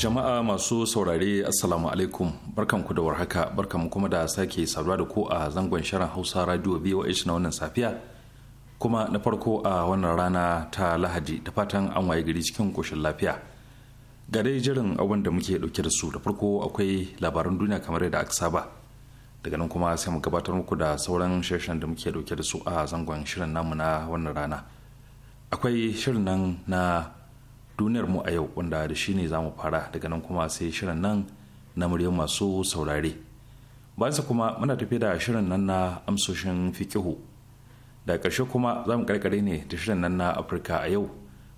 jama'a masu saurare assalamu alaikum barkanku da warhaka barkanku kuma da sake saduwa da ku a zangon shirin hausa radio voh na wannan safiya kuma na farko a wannan rana ta lahadi da fatan an waye gari cikin koshin lafiya ga dai jirin abin da muke dauke da su da farko akwai labaran duniya kamar yadda aka saba daga nan kuma sai mu gabatar muku da sauran shirin da muke dauke da su a zangon shirin namu na wannan rana akwai shirin nan na duniyar mu a yau wanda da shi ne za mu fara daga nan kuma sai shirin nan na muryar masu saurare bayansa kuma muna tafi da shirin nan na amsoshin fikihu da ƙarshe kuma za mu karkare ne da shirin nan na afirka a yau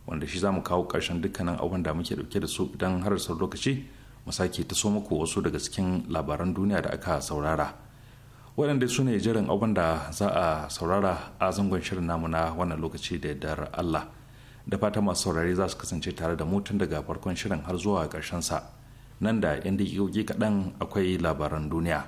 wanda shi za mu kawo ƙarshen dukkanin abin da muke ɗauke da su idan har sau lokaci mu sake ta so muku wasu daga cikin labaran duniya da aka saurara waɗanda su ne jiran abin da za a saurara a zangon shirin namu na wannan lokaci da yardar allah da fata masu saurari za su kasance tare da mu daga farkon shirin har zuwa ƙarshen sa nan da 'yan daƙiƙoƙi kaɗan akwai labaran duniya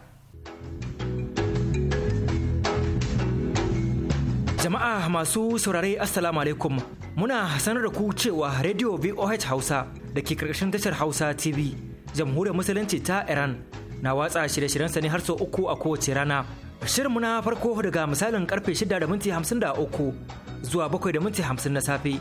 jama'a masu saurari assalamu alaikum muna sanar da ku cewa radio voh hausa da ke karkashin tashar hausa tv jamhuriyar musulunci ta iran na watsa shirye sa ne har sau uku a kowace rana shirinmu na farko daga misalin karfe 6:53 uku zuwa 7.50 na safe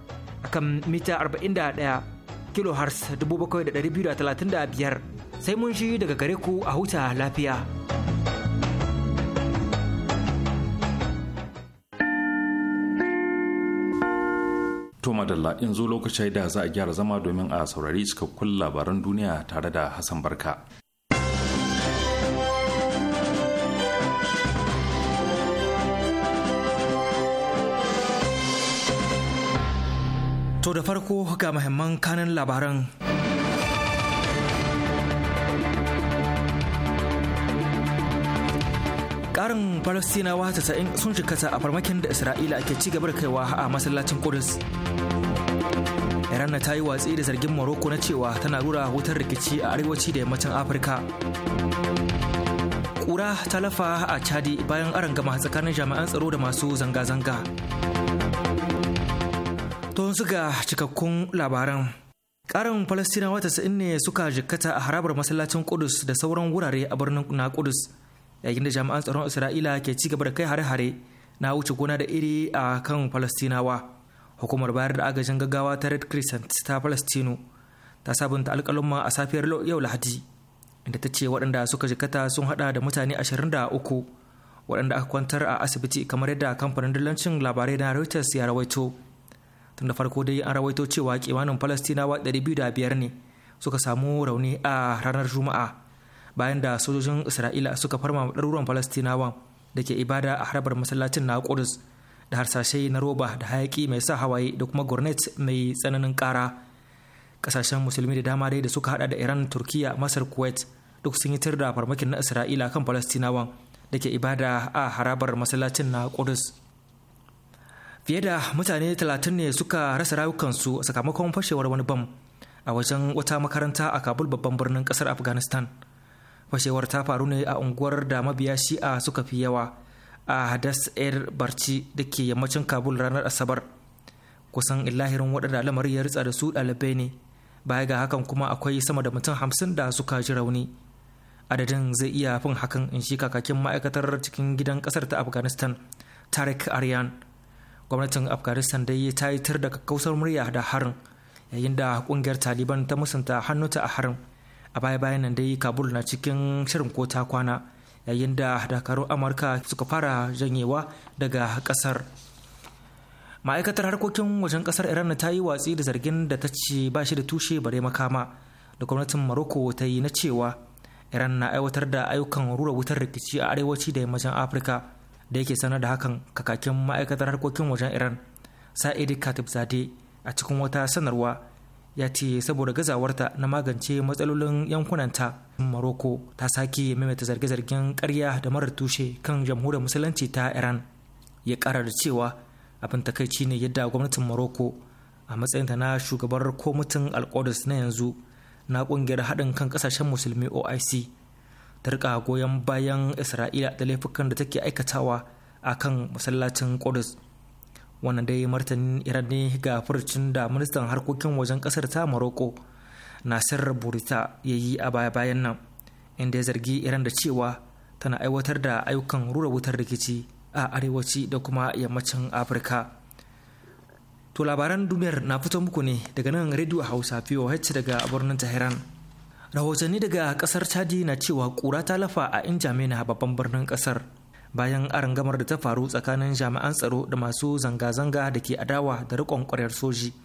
kan mita 41 kilohertz 7,235 sai mun shi daga gare ku a huta lafiya. To madalla in zo lokacin da za a gyara zama domin a saurari cikakkun labaran duniya tare da Hassan Barka. To da farko ga muhimman kanin labaran. Ƙarin Falastinawa tasa'in sun kasa a farmakin da Isra'ila ke ci gaba da kaiwa a masallacin Kudus. Iran ta yi watsi da zargin Morocco na cewa tana rura wutar rikici a arewaci da yammacin Afirka. Kura ta lafa a Chadi bayan gama tsakanin jami'an tsaro da masu zanga-zanga. To ga cikakkun labaran. Ƙarin Falastinawa tasa'in ne suka jikkata a harabar masallacin Kudus da sauran wurare a birnin na Kudus yayin da jami'an tsaron Isra'ila ke ci gaba da kai hare-hare na wuce gona da iri a kan Falastinawa. Hukumar bayar da agajin gaggawa ta Red Crescent ta Palestino ta sabunta alƙalumma a safiyar yau Lahadi inda ta ce waɗanda suka jikkata sun haɗa da mutane ashirin da uku waɗanda aka kwantar a asibiti kamar yadda kamfanin dillancin labarai na Reuters ya rawaito. tun farko dai an rawaito cewa kimanin falastinawa 205 ne suka samu rauni a ranar juma'a bayan da sojojin isra'ila suka farma ɗaruruwan falastinawan da ke ibada a harabar masallacin na kudus da harsashe na roba da hayaki mai sa hawaye da kuma gornet mai tsananin kara kasashen musulmi da dama dai da suka hada da iran turkiya masar kuwait duk sun yi tirda farmakin na isra'ila kan falastinawa da ke ibada a harabar masallacin na kudus fiye da mutane talatin ne suka rasa rayukansu sakamakon fashewar wani bam a wajen wata makaranta a kabul babban birnin kasar afghanistan fashewar ta faru ne a unguwar da mabiya shi'a suka fi yawa a hadas air barci da ke yammacin kabul ranar asabar kusan illahirin waɗanda lamari ya ritsa da su ɗalibai ne baya ga hakan kuma akwai sama da mutum hamsin da suka ji rauni adadin zai iya fin hakan in shi kakakin ma'aikatar cikin gidan kasar ta afghanistan tarik aryan gwamnatin afghanistan dai ta yi tar da kakkausar murya da harin yayin da kungiyar taliban ta musanta hannunta a harin a baya bayan nan dai kabul na cikin shirin ko ta kwana yayin da dakarun amurka suka fara janyewa daga kasar ma'aikatar harkokin wajen kasar iran ta yi watsi da zargin da ta ce ba shi da tushe bare makama da gwamnatin maroko ta yi na cewa iran na aiwatar da ayyukan rura wutar rikici a arewaci da yammacin afirka da yake sanar da hakan kakakin ma'aikatar harkokin wajen iran sa'idu katib zade a cikin wata sanarwa ya ce saboda gazawarta na magance matsalolin yankunanta maroko ta sake maimaita zarge-zargen karya da marar tushe kan jamhuriyar musulunci ta iran ya kara da cewa abin takaici ne yadda gwamnatin maroko a matsayinta na shugabar kwamitin alkodis na yanzu na kungiyar haɗin kan ƙasashen musulmi oic ta rika goyon bayan isra'ila da laifukan da take aikatawa a kan masallacin kudus wannan dai martanin iran ne ga furcin da ministan harkokin wajen kasar ta maroko nasir burita ya yi a baya bayan nan inda ya zargi iran da cewa tana aiwatar da ayyukan rura wutar rikici a arewaci da kuma yammacin afirka to labaran duniyar na fito muku ne daga nan radio hausa fiye daga birnin tehran rahotanni daga kasar chadi na cewa kura ta lafa a injamena babban birnin kasar bayan arangamar da ta faru tsakanin jami'an tsaro da masu zanga-zanga da ke adawa da rikon kwarar soji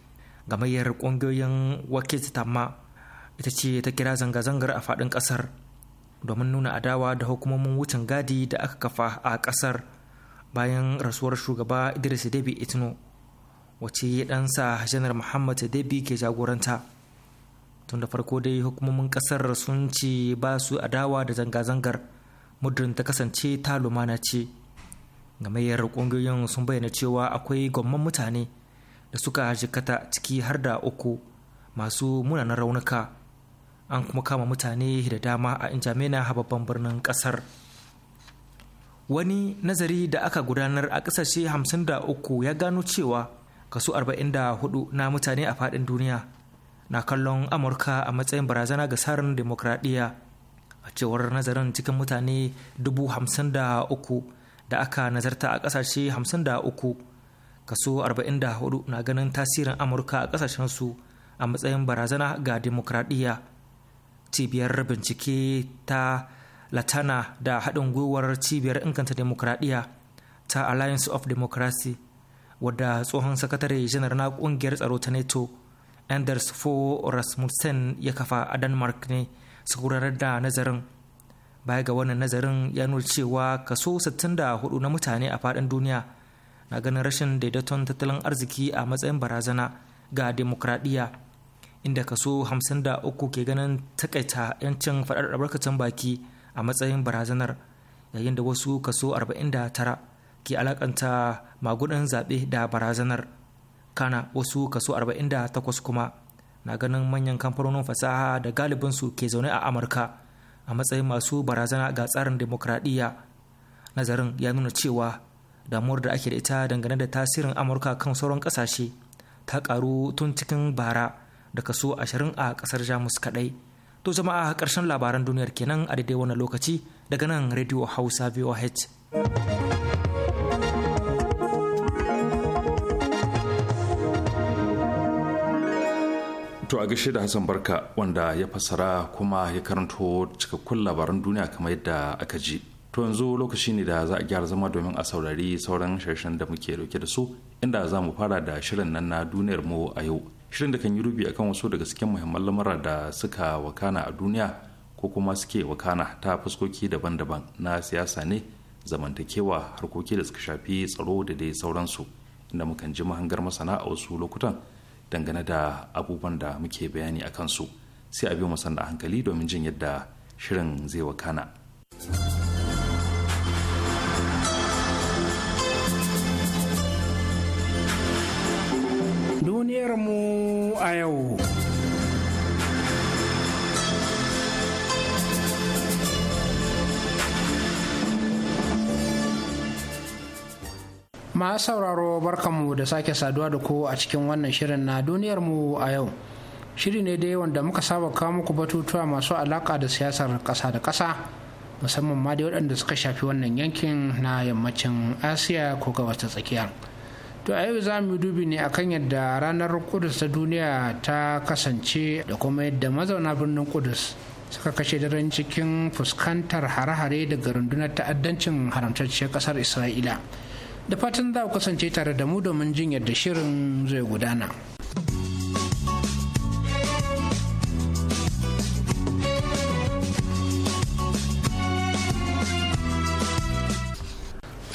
gamayyar ƙungiyoyin wakil tamma ita ce ta kira zanga-zangar a fadin kasar. domin nuna adawa da hukumomin wucin gadi da aka kafa a kasar. bayan rasuwar shugaba idris debi itno wace ɗansa janar muhammad debi ke jagoranta tun da farko dai hukumomin kasar sun ce ba su adawa da zanga-zangar muddin ta kasance ta lumana ce gamayyar kungiyoyin sun bayyana cewa akwai gwamman mutane da suka jikata ciki har da uku masu munanan raunuka an kuma kama mutane da dama a injamena babban birnin kasar wani nazari da aka gudanar a ƙasashe 53 ya gano cewa kaso 44 na mutane a faɗin duniya na kallon amurka a matsayin barazana ga tsarin demokradiyya a cewar nazarin cikin mutane dubu da aka nazarta a kasashe 53 kaso 44 na ganin tasirin amurka a kasashensu a matsayin barazana ga demokradiyya cibiyar bincike ta latana da haɗin gwiwar cibiyar inganta demokradiyya ta alliance of democracy wadda tsohon sakatare janar na ƙungiyar tsaro ta nato anders fo rasmussen ya kafa a denmark ne su da nazarin baya ga wannan nazarin ya nuna cewa kaso 64 na mutane a faɗin duniya na ganin rashin daidaiton tattalin arziki a matsayin barazana ga demokradiyya inda kaso 53 ke ganin takaita 'yancin faɗar albarkacin baki a matsayin barazanar yayin da wasu kaso 49 ke alakanta magudan zaɓe da barazanar kana wasu kaso 48 kuma na ganin manyan kamfanonin fasaha da galibinsu ke zaune a amurka a matsayin masu barazana ga tsarin demokradiyya nazarin ya nuna cewa damuwar da ake da ita dangane da tasirin amurka kan sauran kasashe ta karu tun cikin bara da kaso 20 a kasar jamus kadai to jama'a karshen labaran duniyar kenan a daidai wani lokaci daga nan radio hausa voh To a gashe da Hassan Barka wanda ya fasara kuma ya karanto cikakkun labaran duniya kamar yadda aka ji. To yanzu lokaci ne da za a gyara zama domin a saurari sauran sharshen da muke dauke da su inda za mu fara da shirin nan na duniyar mu a yau. Shirin da kan yi rubi akan wasu daga cikin muhimman lamura da suka wakana a duniya ko kuma suke wakana ta fuskoki daban-daban na siyasa ne zamantakewa harkoki da suka shafi tsaro da dai sauransu inda mukan ji mahangar masana a wasu lokutan dangane da abubuwan da muke bayani a kansu sai a biyo mu sanda hankali domin jin yadda shirin zai wakana. duniyar mu a yau. Ma sauraro barkanmu da sake saduwa da ku a cikin wannan shirin na duniyarmu a yau shiri ne dai wanda muka saba kawo muku batutuwa masu alaka da siyasar ƙasa da ƙasa musamman ma dai waɗanda suka shafi wannan yankin na yammacin asiya ko gabas tsakiya to a yau za mu yi dubi ne akan yadda ranar kudus ta duniya ta kasance da kuma yadda mazauna birnin kudus suka kashe daren cikin fuskantar hare-hare daga rundunar ta'addancin haramtacciyar kasar isra'ila da fatan za ku kasance tare da mu domin jin yadda shirin zai gudana.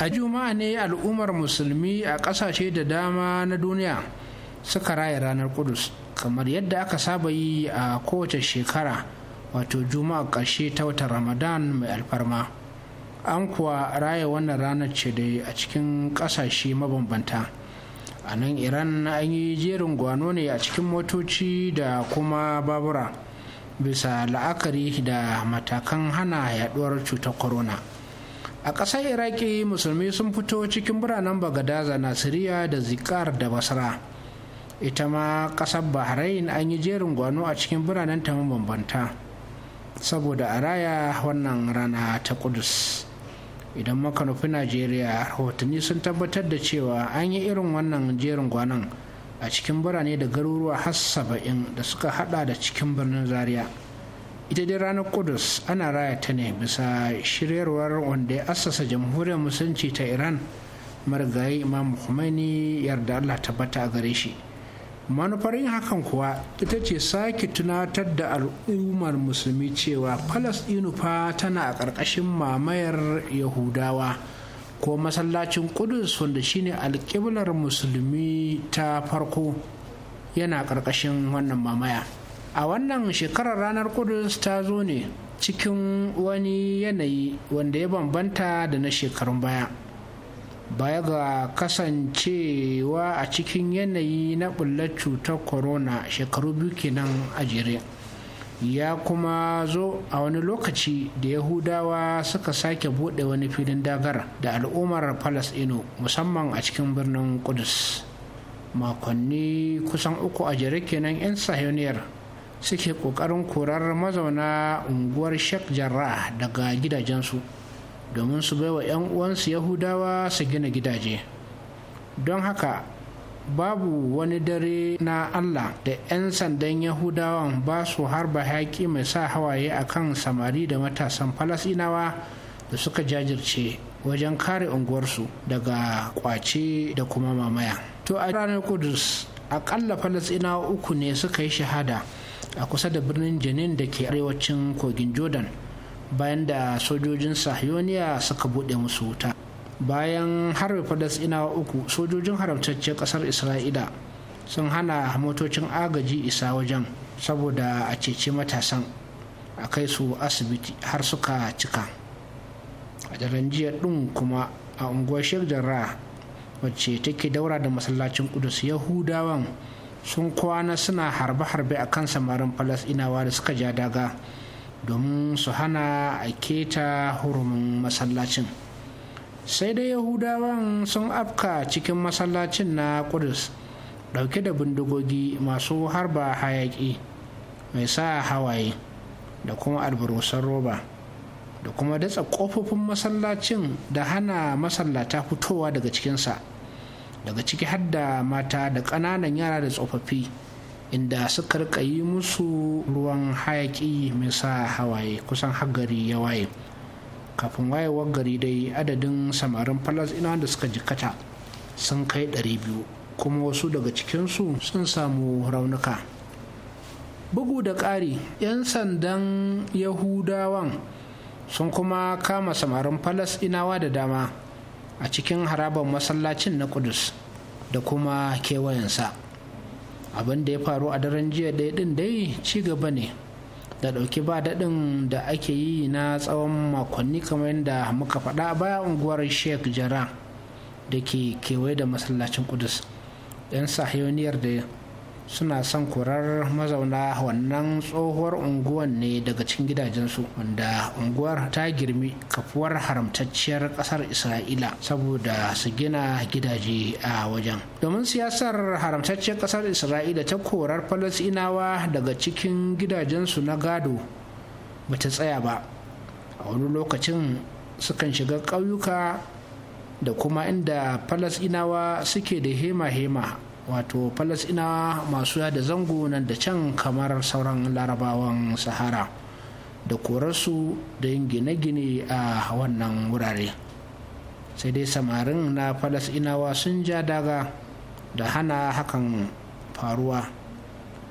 a juma'a ne al'ummar musulmi a ƙasashe da dama na duniya suka raya ranar kudus kamar yadda aka saba yi a kowace shekara wato juma'a ƙarshe ta watan ramadan mai alfarma an kuwa raya wannan ranar ce dai a cikin ƙasashe mabambanta a nan iran an yi jerin gwano ne a cikin motoci da kuma babura bisa la'akari da matakan hana yaduwar cutar corona a ƙasar iraki musulmi sun fito cikin biranen bagadaza siriya da zikar da basra ita ma ƙasar bahrain an yi jerin gwano a cikin biranen ta mabambanta saboda a raya wannan rana ta kudus idan muka najeriya rahotanni sun tabbatar da cewa an yi irin wannan jerin gwanan a cikin birane da garuruwa har saba'in da suka hada da cikin birnin zaria ita dai ranar kudus ana raya ta ne bisa shiryarwar wanda ya assasa jamhuriyar musulunci ta iran marigayi imam khomeini yarda allah tabbata a gare shi Manufarin hakan kuwa ita ce sake tunatar da al'ummar musulmi cewa falasɗinu fa tana a ƙarƙashin mamayar yahudawa ko masallacin kudus wanda shine alƙiblar musulmi ta farko yana ƙarƙashin wannan mamaya a wannan shekarar ranar kudus ta zo ne cikin wani yanayi wanda ya bambanta da na shekarun baya baya ga kasancewa a cikin yanayi na bullar cutar corona shekaru biyu kenan a jere ya kuma zo a wani lokaci da yahudawa suka sake buɗe wani filin dagar da al'ummar falasɗinu musamman a cikin birnin kudus makonni kusan uku a jere kenan 'yan sahiyoniyar suke ƙoƙarin korar mazauna unguwar sheikh jarrah daga gidajensu domin su baiwa 'yan uwansu yahudawa su gina gidaje don haka babu wani dare na allah da 'yan sandan yahudawan ba su harba yaƙi mai sa hawaye a kan samari da matasan falasinawa da suka jajirce wajen kare unguwarsu daga kwace da kuma mamaya to a ranar kudus akalla falasinawa uku ne suka yi shahada a kusa da birnin janin da ke arewacin kogin jordan bayan da sojojin sahiyoniya suka buɗe musu wuta bayan harbe falasɗinawa uku sojojin haramtacce ƙasar isra'ila sun hana motocin agaji isa wajen saboda a cece matasan a kai su asibiti har suka cika a daren jiya ɗin kuma a unguwar sheikh Jarra, wacce take daura da masallacin kudus yahudawan sun kwana suna harbe-harbe a kan samarin falasɗinawa da suka ja daga domin su hana a keta hurumin masallacin sai dai yahudawan sun afka cikin masallacin na kudus dauke da bindigogi masu harba hayaki mai sa hawaye da kuma albarusan roba da kuma datsa kofofin masallacin da hana masallata fitowa daga cikinsa daga ciki hadda, mata da ƙananan yara da tsofaffi inda suka rika yi musu ruwan hayaki mai sa hawaye kusan hagari ya waye kafin wayewar gari dai adadin samarin ina da suka jikata sun kai 200 kuma wasu daga cikinsu sun samu raunuka bugu da ƙari 'yan sandan yahudawan sun kuma kama samarin inawa da dama a cikin harabar masallacin na kudus da kuma kewayensa abin da ya faru a daren jiya ɗaya ɗin dai ci gaba ne da ɗauki ba daɗin da ake yi na tsawon makonni kamar yadda muka faɗa baya unguwar sheikh jara da ke kewaye da masallacin kudus 'yan sahiyoniyar da suna son korar mazauna wannan tsohuwar unguwan ne daga cikin gidajensu wanda unguwar ta girmi kafuwar haramtacciyar kasar isra'ila saboda su gina gidaje a wajen domin siyasar haramtacciyar kasar isra'ila ta korar falasinawa daga cikin gidajensu na gado ba ta tsaya ba a wani lokacin sukan shiga ƙauyuka da kuma inda falasinawa suke da hema-hema wato falasina masu yada zango nan da can kamar sauran larabawan sahara da korarsu da yin gine-gine a wannan wurare sai dai samarin na falasinawa sun ja daga da hana hakan faruwa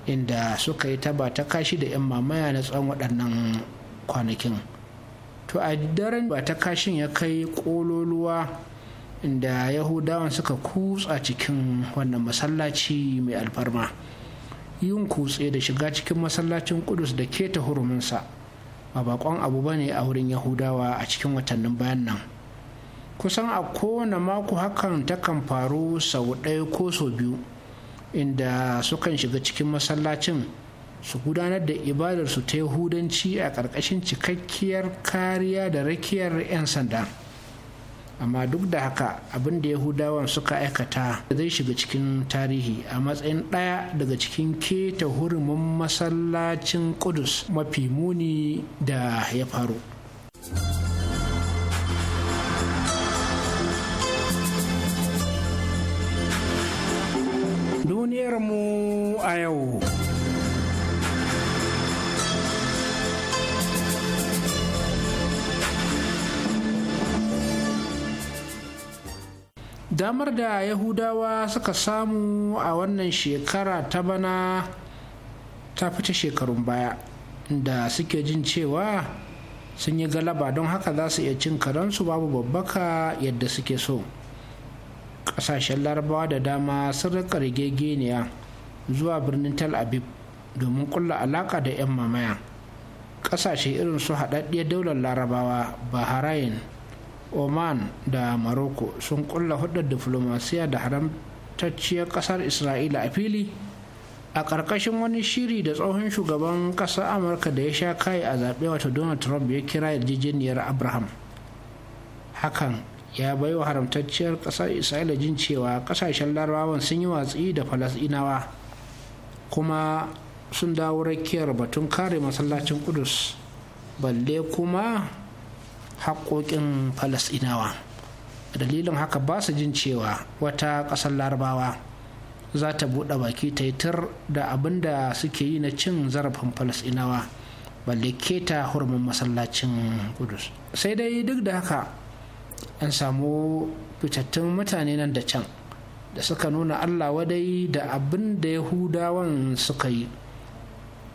inda suka yi taba ta kashi da 'yan mamaya na tsawon waɗannan kwanakin to a daren ba ta kashin ya kai ƙololuwa inda yahudawan suka kutsa cikin wannan masallaci mai alfarma yin kutse da shiga cikin masallacin kudus da keta huruminsa ba bakon abu bane a wurin yahudawa a cikin watannin bayan nan kusan a kowane mako hakan takan faru sau ɗaya ko sau biyu inda sukan shiga cikin masallacin su gudanar da ibadarsu ta yahudanci a ƙarƙashin cikakkiyar kariya da rakiyar 'yan sanda amma duk da haka abin da yahudawan suka aikata zai shiga cikin tarihi a matsayin ɗaya daga cikin keta hurumin masallacin kudus mafi muni da ya faru mu a yau damar da yahudawa suka samu a wannan shekara ta bana ta fita shekarun baya da suke jin cewa sun yi galaba don haka za su iya cin karansu babu babbaka yadda suke so ƙasashen larabawa da dama sun rika rigegeniya zuwa birnin tel aviv domin kulla alaƙa da 'yan mamaya ƙasashe irin su haɗaɗɗiyar daular larabawa bahrain oman da morocco sun kulla hudar diflomasiya da haramtacciyar kasar isra'ila a fili a ƙarƙashin wani shiri da tsohon shugaban ƙasar amurka da ya sha kai a zaɓe wata donald trump ya kira yarjejeniyar abraham hakan ya bai wa haramtacciyar ƙasar isra'ila jin cewa ƙasashen larabawan sun yi watsi da falasɗinawa kuma sun dawo rakiyar batun kare masallacin kudus balle kuma haƙoƙin falasɗinawa dalilin haka ba su jin cewa wata ƙasar larabawa za ta buɗe baki ta yi tur da abin da suke yi na cin zarafin falasɗinawa balle keta hurumin masallacin kudus sai dai duk da haka an samu fitattun mutane nan da can da suka nuna allah wadai da abin da yahudawan suka yi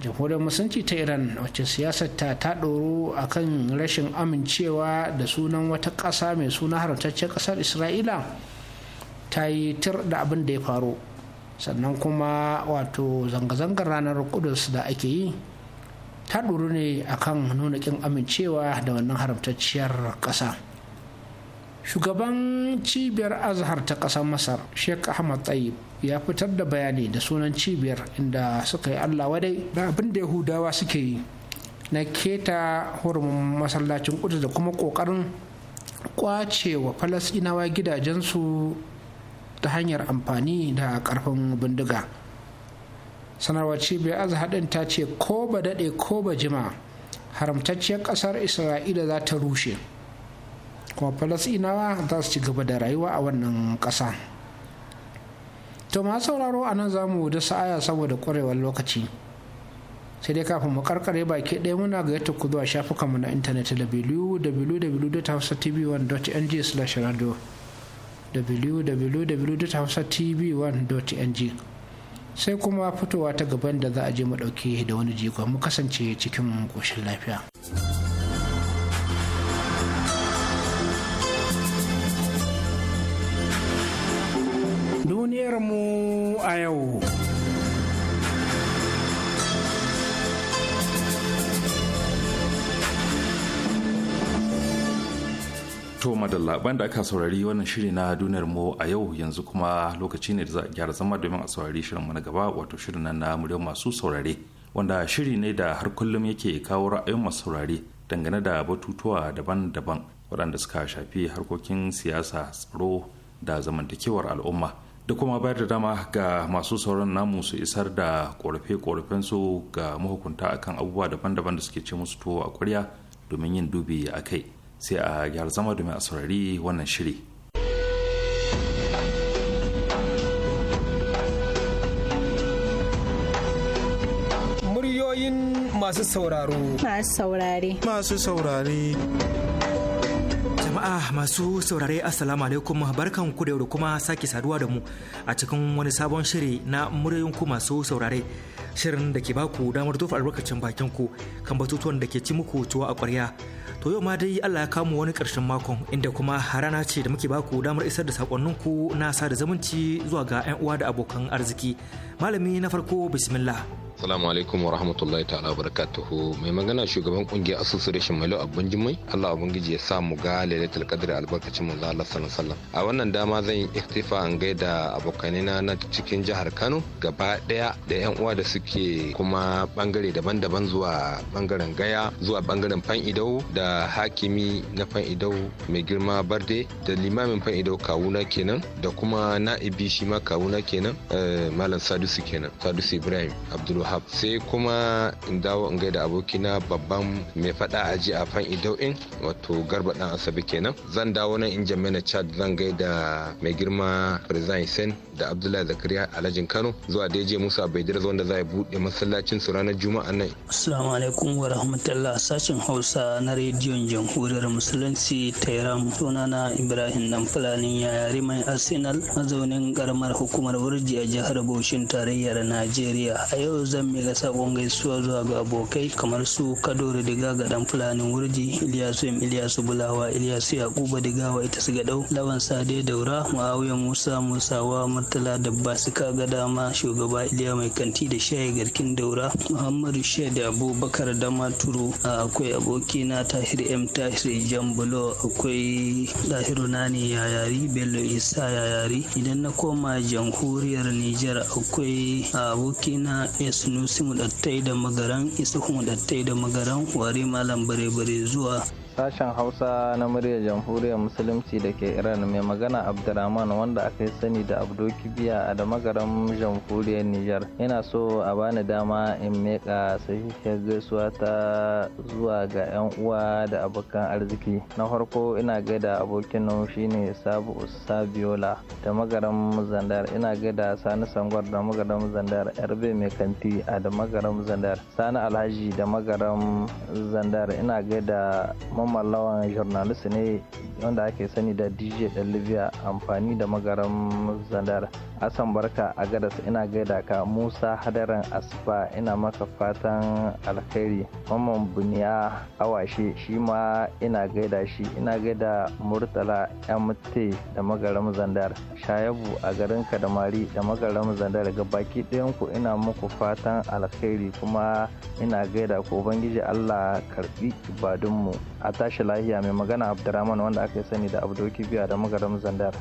jamhuriyar musulunci ta iran wacce siyasar ta doro a kan rashin amincewa da sunan wata ƙasa mai suna haramtaccen ƙasar isra'ila ta yi tir da abin da ya faru sannan kuma wato zanga-zangar ranar kudus da ake yi ta doro ne akan nuna ƙin amincewa da wannan haramtacciyar ƙasa shugaban cibiyar azhar ta ƙasar masar sheikh ahmad tsayib ya fitar da bayani da sunan cibiyar inda suka yi allah wadai da abin da yahudawa suke yi na keta hurumin masallacin kudus da kuma kokarin kwace wa falasinawa gidajensu ta hanyar amfani da karfin bindiga sanarwar cibiyar haɗin ta ce ko ba daɗe ko ba jima haramtacciyar ƙasar isra'ila za ta rushe kuma falasinawa za su ci gaba da rayuwa a wannan ƙasa to masu sauraro a nan za mu da sa'aya saboda ƙwarewar lokaci sai dai kafin mu karkare baki ɗaya muna ga yadda ku zuwa shafukanmu na intanet www.hausatv1.ng slash radio www.hausatv1.ng sai kuma fitowa ta gaban da za a je mu ɗauke da wani jigon mu kasance cikin ƙoshin lafiya. mu a yau. To madalla da aka saurari wannan shiri na duniyar mu a yau yanzu kuma lokaci ne da za a gyara zama domin a saurari shirinmu na gaba wato shirin nan na muryar masu saurare wanda shiri ne da har kullum yake kawo ra'ayin masu saurare dangane da batutuwa daban-daban waɗanda suka shafi harkokin siyasa tsaro da zamantakewar al'umma da kuma bayar da dama ga masu sauran namu su isar da korafe-korafen su ga mahukunta akan abubuwa daban-daban da suke ce musu tuwo a kwarya domin yin dubi a kai sai a gyara zama domin a saurari wannan shiri muryoyin masu sauraro masu saurare masu saurare Jama'a masu saurare Assalamu alaikum barkan ku da yau da kuma sake saduwa da mu a cikin wani sabon shiri na muryoyin ku masu saurare shirin da ke baku damar tofa albarkacin bakin ku kan batutuwan da ke ci muku tuwa a ƙwarya. To yau ma dai Allah ya kamo wani ƙarshen makon inda kuma harana ce da muke baku damar isar da sakonninku na sada zumunci zuwa ga 'yan uwa da abokan arziki. malami na farko bismillah Assalamu alaikum wa rahmatullahi ta'ala wa barakatuhu. Mai magana shugaban kungiyar Association Malo Abun Jummai, Allah ubangiji ya sa mu ga lailatul qadr albarkacin manzo Allah sallallahu alaihi A wannan dama zan yi ikhtifa an gaida abokaina na cikin jihar Kano gaba daya da yan uwa da suke kuma bangare daban-daban zuwa bangaren Gaya, zuwa bangaren Fan Idau da hakimi na Fan Idau mai girma Barde da limamin Fan Idau kawuna kenan da kuma na'ibi shi ma kawuna kenan eh, Malam Sadu Salisu kenan Salisu ibrahim abdulwahab sai kuma in dawo in gaida abokina babban mai fada ji a fan idau'in wato garba dan asabi kenan zan dawo nan in jamina chad zan gaida mai girma rizan hussein da abdullahi zakariya alhajin kano zuwa daije musa bai baidir zuwa da za a buɗe masallacin su ranar juma'a nan assalamu alaikum wa rahmatullah sashen hausa na rediyon jamhuriyar musulunci ta iran sunana ibrahim dan fulani yayari mai arsenal mazaunin karamar hukumar wurji a jihar Bauchi tarayyar najeriya a yau zan miƙa sabon gaisuwa zuwa ga abokai kamar su kadori diga ga dan fulanin wurji iliyasu im iliyasu bulawa iliyasu yakuba digawa ita su dau lawan sade daura muawiya musa musawa murtala dabba suka ga dama shugaba iliya mai kanti da shayi garkin daura muhammadu shaida abubakar damaturu akwai na tahir m tahir jambulo akwai Tahiru nani yayari bello isa yayari idan na koma jamhuriyar nijar akwai akwai abokina sunusi mudattai da magaran isuhu mudattai da magaran ware malam bare-bare zuwa sashen hausa na muryar jamhuriyar musulunci da ke iran mai magana abdulrahman wanda aka yi sani da abdo kibiya a damagaran magaran jamhuriyar niger yana so a bani dama in meka sahihiyar gaisuwa ta zuwa ga yan uwa da abokan arziki na farko ina gaida abokin nan shine sabu sabiola da magaran zandar ina gaida sani sangwar da magaran zandar yarbe mai kanti a da magaran zandar sani alhaji da magaran zandar ina gaida Muhammad Lawan journalist ne wanda ake sani da DJ ɗan Libya amfani da magaran Zandar. Asan barka a gadas ina gaida ka Musa Hadaran asfa ina maka fatan alkhairi. Mamman Buniya Awashe shi ma ina gaida shi ina gaida Murtala MT da magaran Zandar. Shayabu a garin Kadamari da magaran Zandar ga baki ɗayan ku ina muku fatan alkhairi kuma ina gaida ku Ubangiji Allah karbi ibadunmu. a tashi lahiya mai magana abdurrahman wanda aka sani da abdoki biya da magaram zandar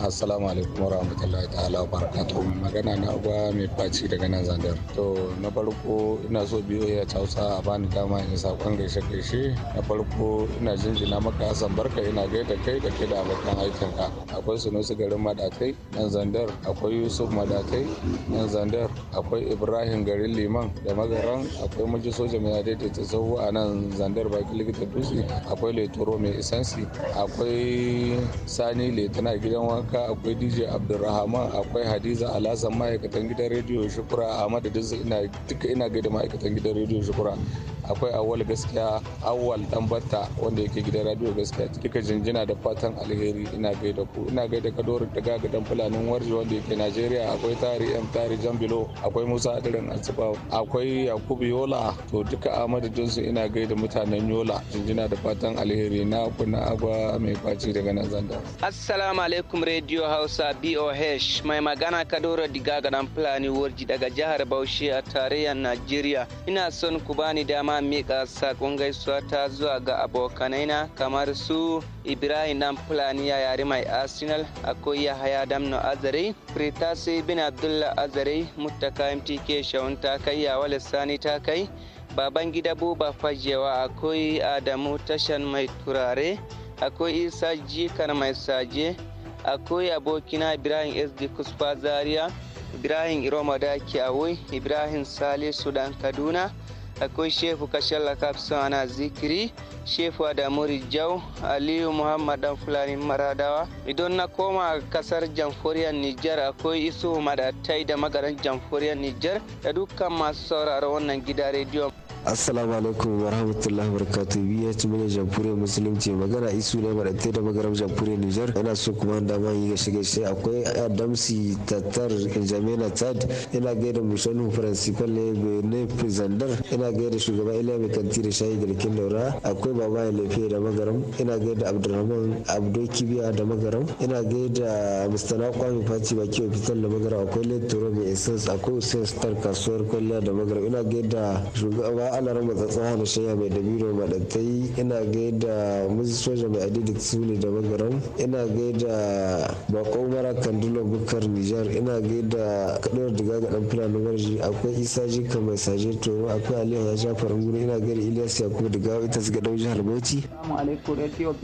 assalamu alaikum warahmatullahi ta'ala barakatuhu magana na uba mai faci daga nan zandar to na farko ina so biyo ya tausa a bani dama in sakon gaishe gaishe na farko ina jinjina maka hassan barka ina gaida kai da kai da abokan aikinka akwai sunusu garin madatai nan zandar akwai yusuf madatai nan zandar akwai ibrahim garin liman da magaran akwai muji soja mai daidaita sahu a nan zandar baki likita dutse akwai leturo mai isansi akwai sani letana gidan wanka barka akwai dj abdulrahman akwai hadiza alhassan ma'aikatan gidan rediyo shukura ahmad da ina duka ina gaida ma'aikatan gidan rediyo shukura akwai awal gaskiya awal dan batta wanda yake gidan radio gaskiya kika jinjina da fatan alheri ina gaida ku ina gaida kadori da gagadan fulanin warji wanda yake najeriya akwai tari m tari jambilo akwai musa adirin asibawa akwai yakubu yola to duka ahmadu jinsu ina gaida mutanen yola jinjina da fatan alheri na na agwa mai kwaci daga nan zanda assalamu alaikum radio hausa boh mai magana kadoro diga gadan fulani warji daga jihar bauchi a tarayyar najeriya ina son ku bani dama ma miƙa saƙon gaisuwa ta zuwa ga abokanaina kamar su ibrahim dan fulani ya yare mai arsenal akwai yahaya damno azare fritasi bin abdullah azare mutaka mtk shawun ta kai wale sani ta kai baban gida buba fajewa akwai adamu tashan mai turare akwai isa jikar mai saje akwai abokina ibrahim sd kusfa zaria ibrahim iroma daki awai ibrahim salisu dan kaduna akwai shefu kashalla kafison ana zikiri shefu adamuri jau aliyu muhammad dan fulani maradawa idan na koma kasar jamhuriyar nijar akwai isu madatai da magaran jamhuriyar nijar da dukkan masu sauraro wannan gida rediyo assalamu alaikum wa rahmatullahi wa barakatuh biya ci mana jamhuriyar musulunci magana isu ne mara ta da magaram jamhuriyar nijar yana so kuma da ma yi gashe gashe akwai adamsi tattar jamina chad yana da mushanu francisco ne bene ina yana da shugaban iliya mai kanti da shayi garkin daura akwai baba ya lafiya da magaram yana da abdurrahman abdo kibiya da magaram yana gaida da nakwa kwami faci baki ofisar da magaram akwai lettoro mai essence akwai usain star kasuwar kwalliya da magaram yana da shugaba alaran matsatsin hana shaya mai dabiro madattai ina gaida muzi soja mai adidi tsuli da magaram ina gaida bakon mara kandula bukar nijar ina gaida kaduwar diga ga dan fulani warji akwai isa jika mai saje toro akwai aliyu ya jafar nguri ina gaida ilyas yakubu diga ita su ga dau jihar bauchi assalamu alaikum radio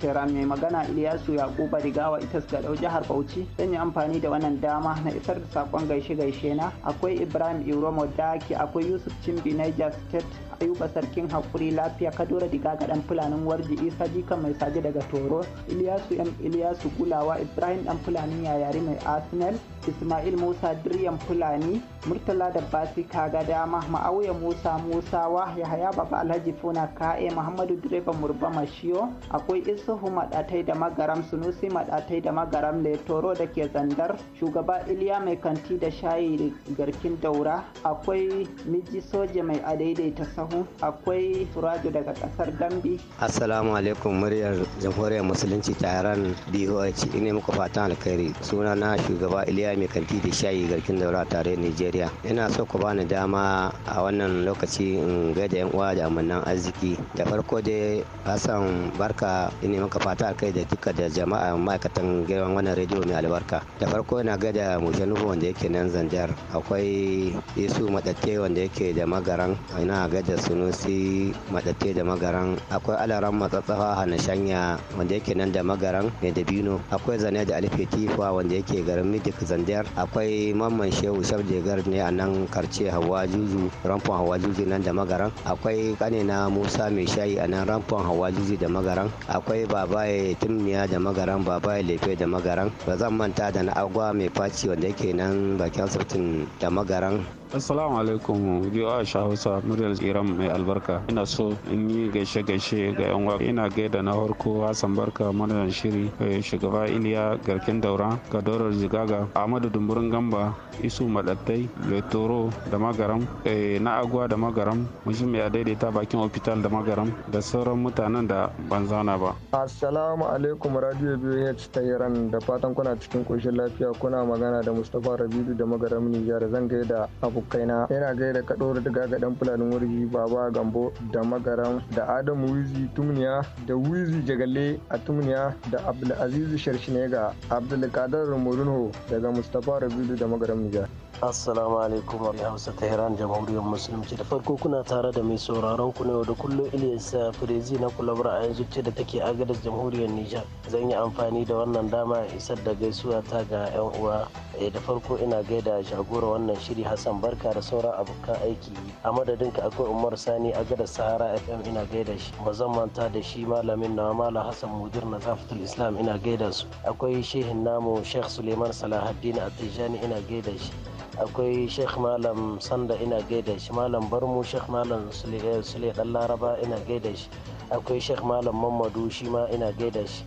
tera mai magana ilyasu yakuba digawa ita ga dau jihar bauchi zan yi amfani da wannan dama na isar da sakon gaishe gaishe na akwai ibrahim iromo daki akwai yusuf cimbi jas state ayuba sarkin hakuri lafiya kadura diga ga ɗan fulanin warji isa jika mai saje daga toro iliyasu m iliyasu kulawa ibrahim dan fulanin yayari mai arsenal ismail musa Diriyan fulani murtala da basi kaga dama ma'auya musa musawa yahaya baba alhaji funa ka'e muhammadu direba murba mashiyo akwai isuhu madatai da magaram sunusi madatai da magaram Toro da ke zandar shugaba iliya mai kanti da shayi garkin daura akwai miji soja mai adaidaita sahu akwai turajo daga ƙasar, gambi assalamu alaikum muryar jamhuriyar musulunci ta iran boh ina muku fatan alkhairi suna na shugaba iliya Ibrahim Kanti da shayi garkin daura tare Nigeria. Ina so ku bani dama a wannan lokaci in gaida yan uwa da amannan arziki. Da farko dai Hassan Barka ina maka fata kai da duka da jama'a ma'aikatan gidan wannan rediyo mai albarka. Da farko ina gaida Mushe Nuhu wanda yake nan Zanjar. Akwai isu Madatte wanda yake da magaran. Ina gaida Sunusi Madatte da magaran. Akwai Alaran Matsatsafa shanya wanda yake nan da magaran mai dabino. Akwai Zane da Alfe Tifa wanda yake garin Midik Zanjar. zandiyar akwai mamman shehu degar ne a nan karce hawa juju Rampon hawa juju nan da magaran akwai kane musa mai shayi a nan rampon hawa juju da magaran akwai babaye timniya da magaran babaye lefe da magaran ba zan manta da na agwa mai faci wanda yake nan bakin asibitin da magaran Assalamu alaikum sha Hausa muryar Iran mai albarka. Ina so in yi gaishe-gaishe ga yan wa. Ina gaida na harko Hassan Barka manajan shiri eh, shugaba Iliya Garkin Daura, Kadorar Zigaga, Ahmadu Dumburin Gamba, Isu Madattai, Letoro da Magaram, eh, na Agwa da Magaram, Mushim ya daidaita bakin hospital da Magaram da sauran mutanen da ban zana ba. Assalamu alaikum Radio BH ta yaran da fatan kuna cikin koshin lafiya kuna magana da Mustapha Rabidu da Magaram Nijar zan gaida bukaina yana gaida kaɗo da gagadan fulanin wurgi baba gambo da magaran da adamu wizi tumniya da wizi jagale a tumniya da abdulaziz sharshinega abdulkadar mourinho daga mustapha rabidu da magaran nijar Assalamu alaikum wa Hausa Iran Jamhuriyar Musulunci da farko kuna tare da mai sauraron ku yau da kullum Ilyas Firezi na kulabar a yanzu ce da take agadar Jamhuriyar Nijar. Zan yi amfani da wannan dama isar da gaisuwa ta ga 'yan uwa. Eh, da farko ina gaida shagora wannan shiri Hassan barka da sauran abokan aiki a madadin ka akwai umar sani a gada sahara fm ina gaida shi ba ta manta da shi malamin na mala hassan mudir na zafatul islam ina gaida su akwai shehin namu sheikh suleiman salahaddin a tijjani ina gaida shi akwai sheikh malam sanda ina gaida shi malam barmu sheikh malam sule dan eh, laraba ina gaida shi akwai sheikh malam mamadu shi ma ina gaida shi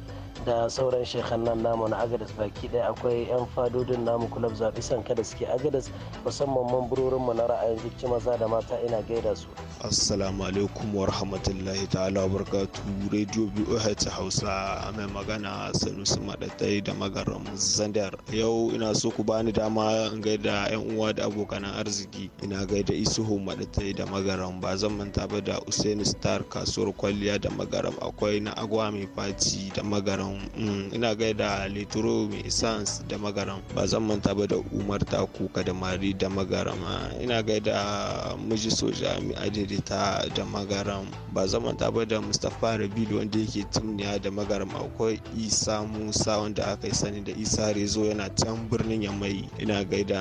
da sauran shekaran namu na agadas baki ɗaya akwai 'yan fadodin namu kulab zaɓi sanka da suke agadas musamman mamburorin mu na ra'ayin zuci maza da mata ina gaida su assalamu alaikum wa rahmatullahi ta'ala wa radio boh hausa mai magana sanusi maɗaɗai da magaram zandar yau ina so ku bani dama in gaida 'yan uwa da abokan arziki ina gaida isuhu maɗaɗai da magaram ba zan manta ba da usaini star kasuwar kwalliya da magaram akwai na agwa mai faci da magaram ina gaida litiro mai da magaram ba zan manta ba da umar ta kuka da mari da magaram ina gaida miji soja mai adirita da magaram ba zan manta ba da mustapha rabidu wanda yake tumniya da magaram akwai isa musa wanda aka yi sani da isa rezo yana can birnin yamai ina gaida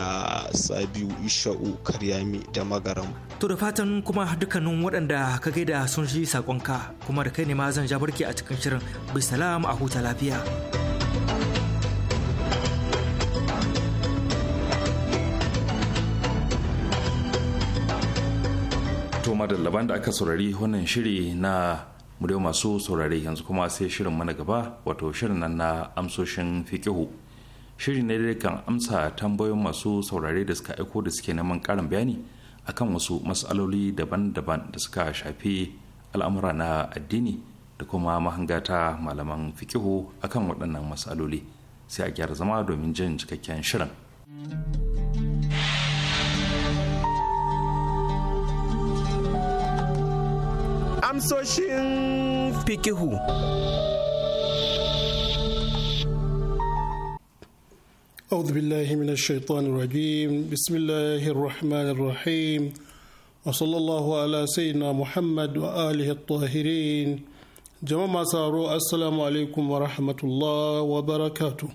sabiu isha'u karyami da magaram to da fatan kuma dukkanin waɗanda ka gaida sun ji sakonka kuma da kai ne ma zan ja barki a cikin shirin bisalam a huta inganta lafiya. Toma da laban da aka saurari wannan shiri na muryar masu saurari yanzu kuma sai shirin mana gaba wato shirin nan na amsoshin fikihu. Shiri ne dai kan amsa tambayoyin masu saurare da suka aiko da suke neman karin bayani akan wasu matsaloli daban-daban da suka shafi al'amura na addini da kuma mahangata malaman fikihu akan waɗannan matsaloli sai a gyara zama domin jin cikakken shirin. Amsoshin fikihu أعوذ بالله من الشيطان الرجيم بسم الله الرحمن الرحيم وصلى الله على سيدنا محمد وآله الطاهرين jama'a masu sauraro assalamu alaikum wa rahmatullah wa barakatu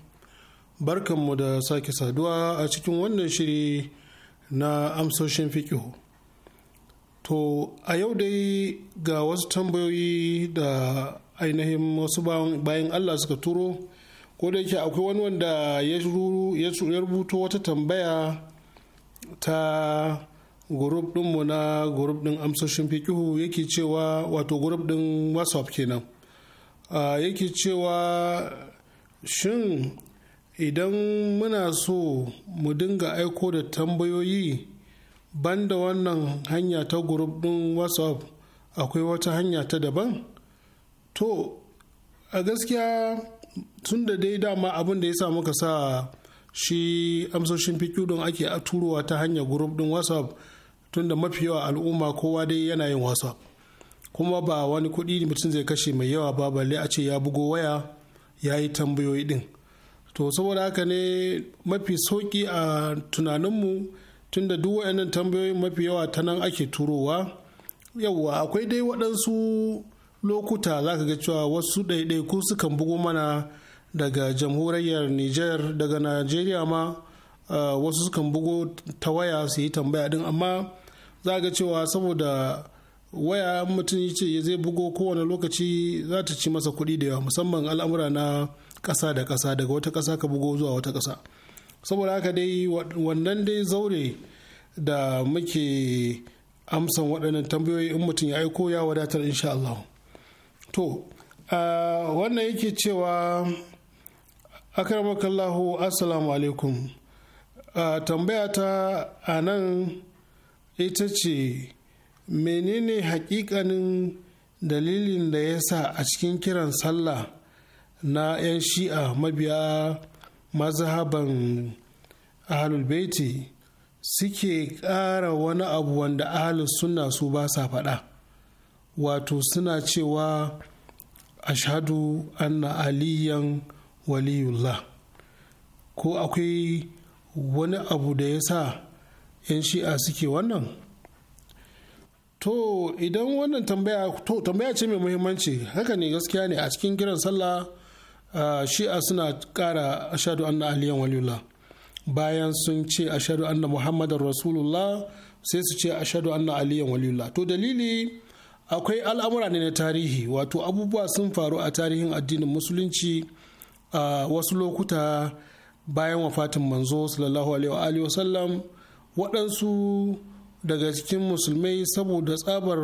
barkanmu da sake saduwa a cikin wannan shiri na amsoshin fikihu to a yau dai ga wasu tambayoyi da ainihin wasu bayan allah suka turo ko da yake akwai wani wanda ya rubuto wata tambaya ta gurub mu na gurub din amsoshin fikihu yake cewa wato gurub din whatsapp kenan yake cewa shin idan muna so mu dinga aiko da tambayoyi banda wannan hanya ta gurub din whatsapp akwai wata hanya ta daban to a gaskiya tun da dai dama abin da ya sa muka sa shi amsoshin fikihu don ake turowa ta hanya gurub din whatsapp tunda mafi yawa al'umma kowa dai yana yin wasa kuma ba wani kuɗi mutum zai kashe mai yawa ba balle a ce ya bugo waya ya yi tambayoyi din to saboda haka ne mafi sauƙi a tunaninmu tunda duk waɗannan tambayoyin mafi yawa ta nan ake turowa yawwa akwai dai waɗansu lokuta za ka ga cewa wasu ɗaiɗaiku sukan bugo mana daga jamhuriyar niger daga najeriya ma eh, wasu sukan bugo ta waya su yi tambaya din amma za ga cewa saboda waya mutum ya ce zai bugo kowane lokaci za ta ci masa kuɗi da yawa musamman al'amura na ƙasa da ƙasa daga wata ƙasa ka bugo zuwa wata ƙasa saboda haka dai wannan dai zaure da muke amsan waɗannan tambayoyi in mutum ya aiko ya wadatar insha Allah to wannan yake cewa akaramakallahu assalamu alaikum tambaya ta a nan ita ce menene hakikanin dalilin da ya sa a cikin kiran sallah na 'yan shi'a mabiya mazhaban ahalul baiti suke ƙara wani abu wanda ahalus suna su ba sa faɗa wato suna cewa a ashadu anna aliyan waliyullah ko akwai wani abu da ya sa 'yan shi'a suke wannan to idan wannan tambaya to tambaya ce mai muhimmanci haka ne gaskiya ne a cikin kiran sallah shi'a suna kara ashadu anna aliyan waliyullah bayan sun ce ashadu anna muhammadar rasulullah sai su ce ashadu anna aliyan waliyullah to dalili akwai al'amura ne na tarihi wato abubuwa sun faru a tarihin addinin musulunci a wasu lokuta bayan wafatin manzo sallallahu alaihi wa sallam waɗansu daga cikin musulmai saboda tsabar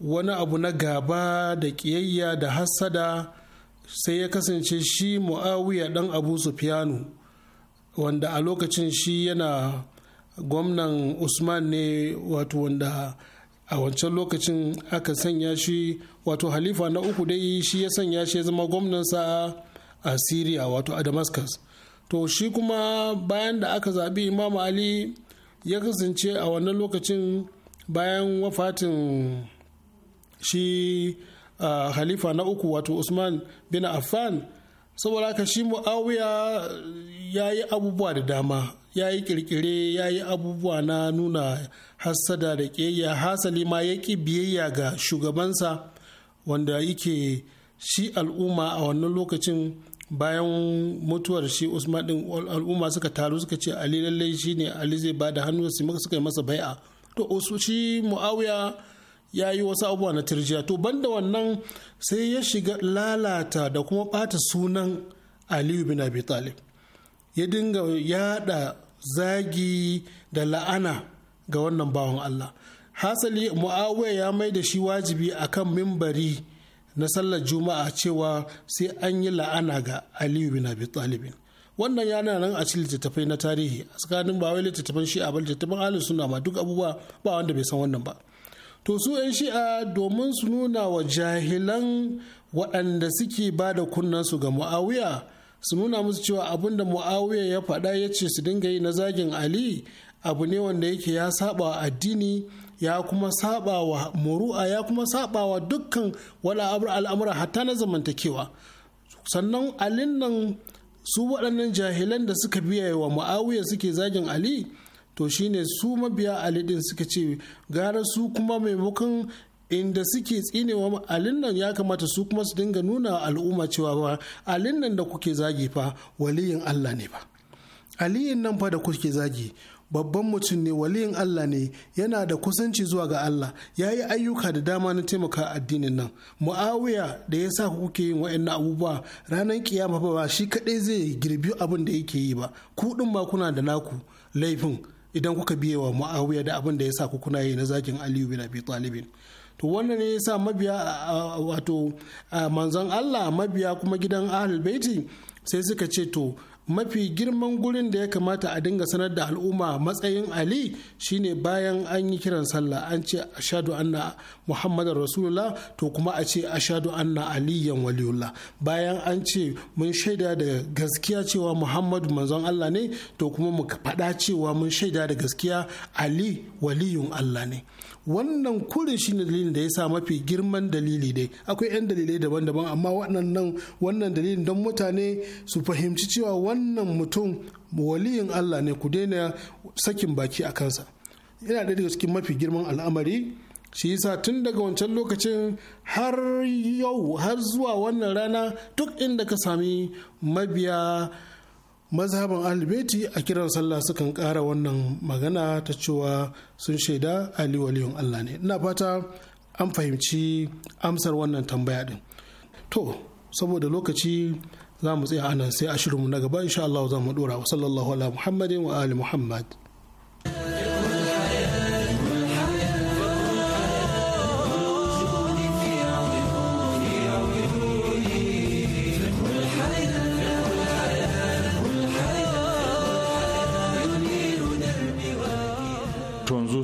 wani abu na gaba da ƙiyayya da hassada sai ya kasance shi mu'awiya ɗan abu fiyano wanda a lokacin shi yana gwamnan usman ne wato wanda a wancan lokacin aka sanya shi wato halifa na uku dai shi ya sanya shi ya zama gwamnansa a syria wato a damascus to shi kuma bayan da aka zaɓi imam ali ya kasance a wannan lokacin bayan wafatin shi halifa na uku wato usman bin affan saboda haka shi mu'awiya ya yi abubuwa da dama ya yi kirkire ya yi abubuwa na nuna hassada da ƙiyayya hasali ma ya ƙi biyayya ga shugabansa wanda yake shi al'umma a wannan lokacin bayan mutuwar shi usman din al'umma suka taru suka ce ali lallai shi ne ali zai ba da hannu suka yi masa bai'a to shi muawiya ya yi wasu abubuwa na tirjiya to banda wannan sai ya shiga lalata da kuma bata sunan aliyu bin abi talib ya dinga yada zagi da la'ana ga wannan bawan allah hasali muawiya ya mai da shi wajibi akan mimbari na sallar juma'a cewa sai an yi la'ana ga aliyu bin abi talibin wannan yana nan a cikin littattafai na tarihi a tsakanin ba wai littattafan shi'a ba littattafan ahlus sunna ma duk abubuwa ba wanda bai san wannan ba to su yan shi'a domin su nuna wa jahilan waɗanda suke ba da kunnansu ga muawiya su nuna musu cewa abin da muawiya ya faɗa ya ce su dinga yi na zagin ali abu ne wanda yake ya saba addini ya kuma saba wa muru'a ya kuma saba wa dukkan wala al'amura hatta na zamantakewa sannan alin nan su waɗannan jahilan da suka biya wa ma'awiya suke zagin ali to shine su mabiya ali din suka ce gara su kuma maimakon inda suke tsinewa alin nan ya kamata su kuma su dinga nuna al'umma cewa ba alin nan da kuke zagi fa waliyin allah ne ba aliyin nan fa da kuke zagi babban mutum ne waliyin Allah ne yana da kusanci zuwa ga Allah ya yi ayyuka da dama na taimaka addinin nan mu'awiya da ya sa kuke yin wa'annan abubuwa ranar kiyama ba shi kaɗai zai girbi abin da yake yi ba ku ma kuna da naku laifin idan kuka biye wa mu'awiya da abin da ya sa kuna yi na zakin aliyu bin abi talibin to wannan ne ya sa mabiya wato manzon Allah mabiya kuma gidan ahlul baiti sai suka ce to mafi girman gurin da ya kamata a dinga sanar da al'umma matsayin ali shine bayan an yi kiran sallah an ce ashadu anna muhammadar rasulullah to kuma a ce ashadu anna aliyan waliyullah bayan an ce mun shaida da gaskiya cewa muhammadu manzon allah ne to kuma mu faɗa cewa mun shaida da gaskiya ali waliyun allah ne wannan kurin shine dalilin da ya sa mafi girman dalili dai akwai 'yan dalilai daban-daban amma waɗannan wannan dalilin don mutane su fahimci cewa wannan mutum waliyin Allah ne ku daina sakin baki a kansa yana ɗaya daga cikin mafi girman al'amari shi yasa tun daga wancan lokacin har yau har zuwa wannan rana duk inda ka sami mabiya mazhaban albeti a kiran sallah sukan kara wannan magana ta cewa sun shaida ali waliyun allah ne ina fata an fahimci amsar wannan tambaya din to saboda lokaci za mu tsaya anan sai a shirinmu na gaba insha Allah za mu dora wa sallallahu ala muhammadin wa ali muhammad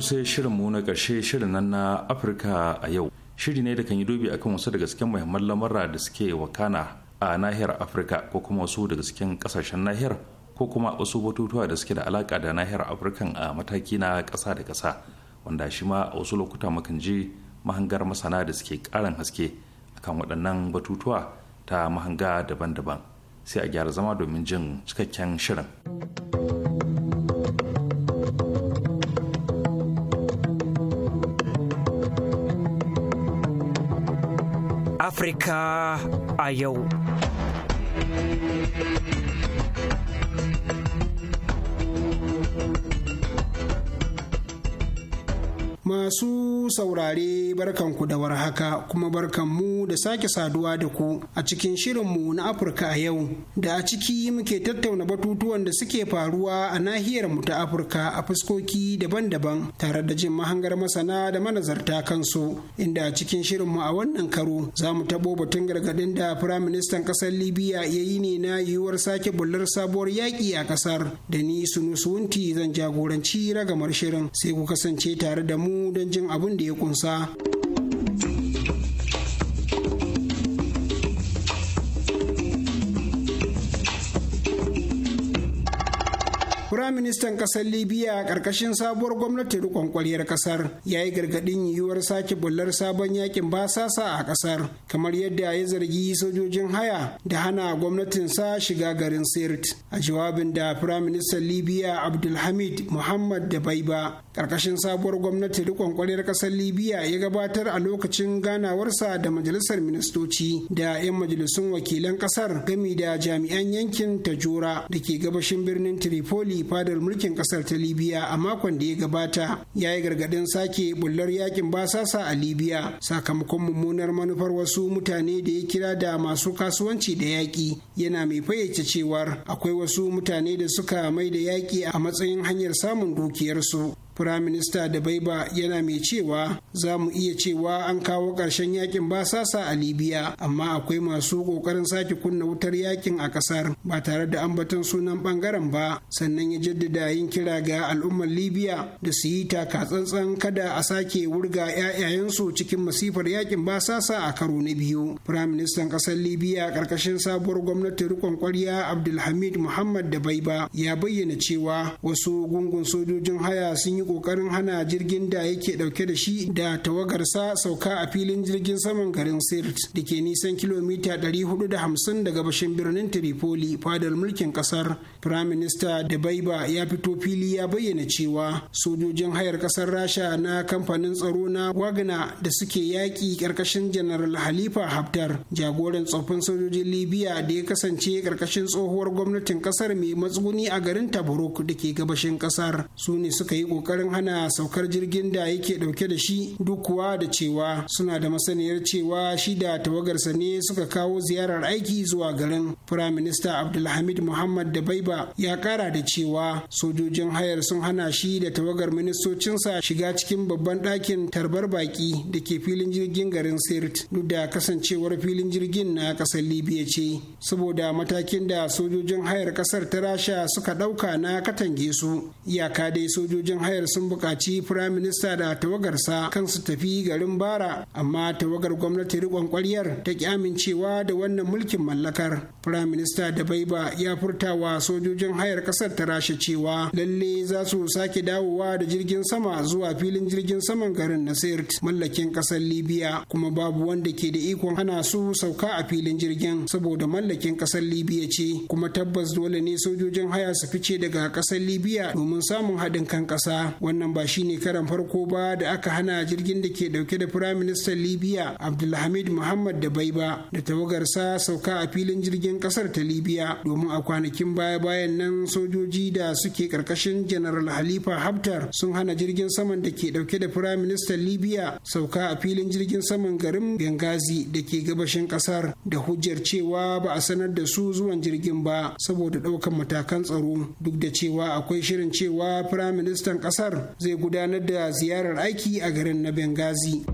sai mu na ƙarshe shirin nan na Afirka a yau. Shiri ne da kan yi dubi akan wasu daga cikin muhimman lamura da suke wakana a nahiyar Afirka ko kuma wasu daga cikin ƙasashen nahiyar ko kuma wasu batutuwa da suke da alaƙa da nahiyar afirka a mataki na ƙasa da ƙasa wanda shi ma a wasu lokuta mukan ji mahangar masana da suke ƙarin haske akan waɗannan batutuwa ta mahanga daban-daban sai a gyara zama domin jin cikakken shirin. Afirka a yau. Masu saurare barkanku da warhaka kuma barkanmu da sake saduwa da ku a cikin shirinmu na Afirka a yau da a ciki muke tattauna batutuwan da suke faruwa a nahiyar mu ta Afirka a fuskoki daban-daban tare da jin mahangar masana da manazarta kansu inda a cikin shirinmu a wannan karo za mu tabo batun gargadin da Firaministan ƙasar Libya ya yi ne na yiwuwar sake bullar sabuwar yaƙi a ƙasar da ni Sunusuwunti zan jagoranci ragamar shirin sai ku kasance tare da mu mu don jin abin da ya kunsa. Firaministan ƙasar Libya ƙarƙashin sabuwar gwamnati rikon kwaliyar ƙasar ya yi gargaɗin yiwuwar sake bullar sabon yakin basasa a ƙasar kamar yadda ya zargi sojojin haya da hana gwamnatin sa shiga garin Sirt. A jawabin da Firaministan Libya Abdulhamid Muhammad da Baiba ƙarƙashin sabuwar gwamnati rikon kwaliyar ƙasar Libya ya gabatar a lokacin ganawarsa da majalisar ministoci da 'yan majalisun wakilan ƙasar gami da jami'an yankin Tajora da ke gabashin birnin Tripoli gadar mulkin kasar ta libiya a makon da ya gabata ya yi gargadin sake bullar yakin basasa a libiya sakamakon mummunar manufar wasu mutane da ya kira da masu kasuwanci da yaƙi yana mai fayyace cewar akwai wasu mutane da suka mai da yaƙi a matsayin hanyar samun dukiyarsu Firaminista da baiba yana mai cewa za mu iya cewa an kawo ƙarshen yakin basasa a Libya amma akwai masu ƙoƙarin sake kunna wutar yakin a ƙasar ba tare da ambaton sunan ɓangaren ba sannan ya jaddada yin kira ga al'ummar Libya da su yi taka tsantsan kada a sake wurga 'ya'yayensu cikin masifar yakin basasa a karo na biyu. Firaministan ƙasar Libya ƙarƙashin sabuwar Gwamnati riƙon ƙwarya Abdulhamid Muhammad da baiba ya bayyana cewa wasu gungun sojojin haya sun yi kokarin hana jirgin da yake dauke da shi da tawagarsa sauka a filin jirgin saman garin sirt da ke nisan kilomita 450 daga bashin birnin tripoli fadar mulkin kasar firaminista minister baiba ya fito fili ya bayyana cewa sojojin hayar kasar rasha na kamfanin tsaro na wagna da suke yaƙi karkashin janaral halifa haftar jagoran tsoffin sojojin libya da ya kasance karkashin tsohuwar gwamnatin kasar mai matsuguni a garin tabruk da ke gabashin kasar su ne suka yi ƙoƙarin kokarin hana saukar jirgin da yake dauke da shi duk kuwa da cewa suna da masaniyar cewa shi da tawagarsa ne suka kawo ziyarar aiki zuwa garin firaminista abdulhamid muhammad da baiba ya kara da cewa sojojin hayar sun hana shi da tawagar ministocinsa shiga cikin babban ɗakin tarbar baki da ke filin jirgin garin sirt duk da kasancewar filin jirgin na ƙasar libya ce saboda matakin da sojojin hayar ƙasar ta rasha suka ɗauka na katange su iyaka dai sojojin hayar ƙungiyar sun buƙaci firaminista da tawagarsa kan su tafi garin bara amma tawagar gwamnati riƙon ƙwaryar ta ki amincewa da wannan mulkin mallakar firaminista da baiba ya furtawa sojojin hayar ƙasar ta rashe cewa lalle za su sake dawowa da jirgin sama zuwa filin jirgin saman garin na sirt mallakin ƙasar libya kuma babu wanda ke da ikon hana su sauka a filin jirgin saboda mallakin ƙasar libya ce kuma tabbas dole ne sojojin haya su fice daga ƙasar libya domin samun haɗin kan ƙasa wannan ba shine karan farko ba da aka hana jirgin da ke dauke da firayim ministan libya abdulhamid muhammad da bai ba da tawagarsa sauka a filin jirgin kasar ta libya domin a kwanakin baya bayan nan sojoji da suke karkashin general halifa haftar sun hana jirgin saman da ke dauke da firayim ministan libya sauka a filin jirgin saman garin bengazi da ke gabashin kasar da hujjar cewa ba a sanar da su zuwan jirgin ba saboda daukan matakan tsaro duk da cewa akwai shirin cewa firayim ministan kasar kasar zai gudanar da ziyarar aiki a garin na Benghazi.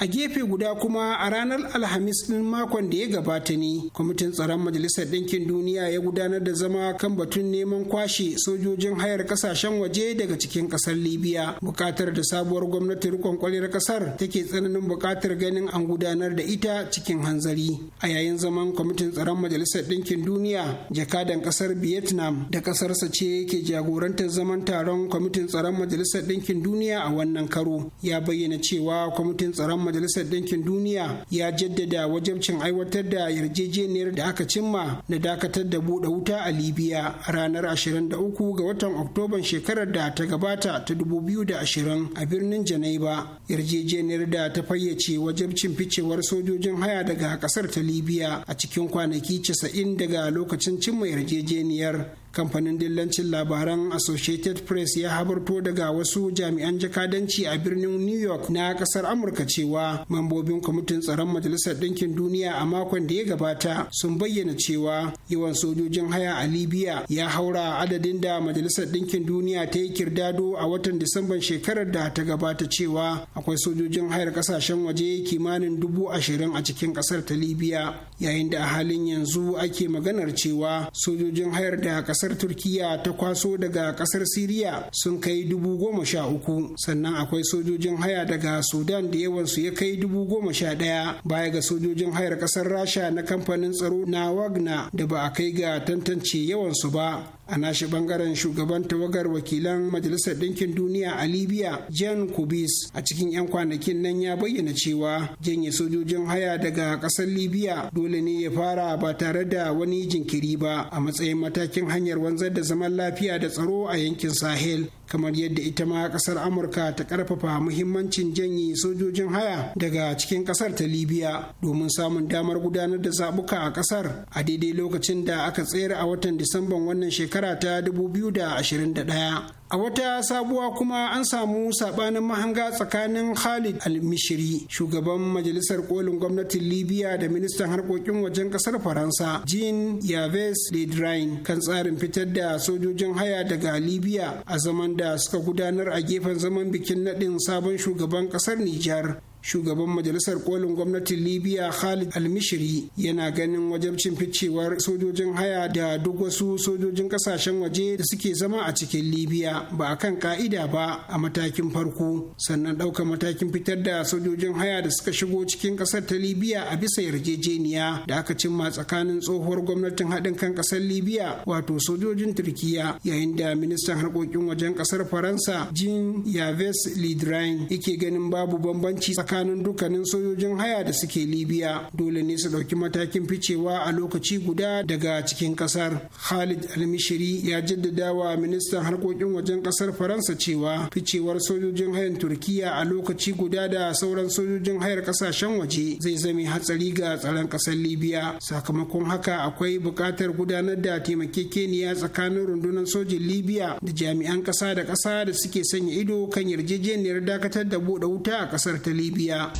a gefe guda kuma a ranar alhamis din makon da ya gabata ne kwamitin tsaron majalisar ɗinkin duniya ya gudanar da zama kan batun neman kwashe sojojin hayar kasashen waje daga cikin ƙasar libya buƙatar da sabuwar gwamnati rikon kwaliyar ƙasar take tsananin buƙatar ganin an gudanar da ita cikin hanzari a yayin zaman kwamitin tsaron majalisar ɗinkin duniya jakadan ƙasar vietnam da ƙasarsa ce ke jagorantar zaman taron kwamitin tsaron majalisar ɗinkin duniya a wannan karo ya bayyana cewa kwamitin tsaron majalisar Dinkin duniya ya jaddada wajabcin aiwatar da yarjejeniyar da aka cimma na dakatar da buɗe wuta a libya ranar 23 ga watan oktoban shekarar da ta gabata ta 2020 a birnin janaiba yarjejeniyar da ta fayyace wajabcin ficewar sojojin haya daga kasar ta libya a cikin kwanaki 90 daga lokacin cimma yarjejeniyar kamfanin dillancin labaran associated press ya habarto daga wasu jami'an jakadanci a birnin new york na kasar amurka cewa mambobin kwamitin tsaron majalisar ɗinkin duniya a makon da ya gabata sun bayyana cewa yawan sojojin haya a libya ya haura adadin da majalisar ɗinkin duniya ta yi kirdado a watan disamban shekarar da ta gabata cewa akwai sojojin hayar kasashen waje kimanin dubu ashirin a cikin kasar ta libya yayin da a halin yanzu ake maganar cewa sojojin hayar da kasar turkiya ta kwaso daga kasar siriya sun kai dubu goma sha uku sannan akwai sojojin haya daga sudan da yawansu ya kai dubu goma sha daya baya ga sojojin hayar kasar rasha na kamfanin tsaro na wagna da ba a kai ga tantance yawansu ba a nashi bangaren shugaban tawagar wakilan majalisar ɗinkin duniya a libya jan kubis a cikin 'yan kwanakin nan ya bayyana cewa janye sojojin haya daga ƙasar libya dole ne ya fara ba tare da wani jinkiri ba a matsayin matakin hanyar wanzar da zaman lafiya da tsaro a yankin sahel kamar yadda ita ma kasar amurka ta karfafa muhimmancin janye sojojin haya daga cikin kasar ta libya domin samun damar gudanar da zabuka a kasar a daidai lokacin da aka tsayar a watan disamban wannan shekara shekara ta 2021 a wata sabuwa kuma an samu sabanin mahanga tsakanin khalid al-mishiri shugaban majalisar kolin gwamnatin libya da ministan harkokin wajen kasar faransa jean yves yaves Drian kan tsarin fitar da sojojin haya daga libya a zaman da suka gudanar a gefen zaman bikin naɗin sabon shugaban kasar nijar shugaban majalisar kolin gwamnatin libya khalid almishiri yana ganin wajabcin ficewar sojojin haya da duk wasu sojojin kasashen waje da suke zama a cikin libya ba a kan ka'ida ba a matakin farko sannan ɗaukar matakin fitar da sojojin haya da suka shigo cikin ƙasar ta libya a bisa yarjejeniya da aka cimma tsakanin tsohuwar gwamnatin haɗin kan ƙasar libya wato sojojin turkiya yayin da ministan harkokin wajen ƙasar faransa jean yaves lidrain yake ganin babu bambanci tsakanin tsakanin dukkanin sojojin haya da suke Libya dole ne su ɗauki matakin ficewa a lokaci guda daga cikin ƙasar. Khalid Almishiri ya jaddada wa ministan harkokin wajen ƙasar Faransa cewa ficewar sojojin hayan Turkiya a lokaci guda da sauran sojojin hayar ƙasashen waje zai zame hatsari ga tsaron ƙasar Libya. Sakamakon haka akwai buƙatar gudanar da taimakekeniya tsakanin rundunar sojin Libya da jami'an ƙasa da ƙasa da suke sanya ido kan yarjejeniyar dakatar da buɗe wuta a ƙasar ta Libya. Yeah.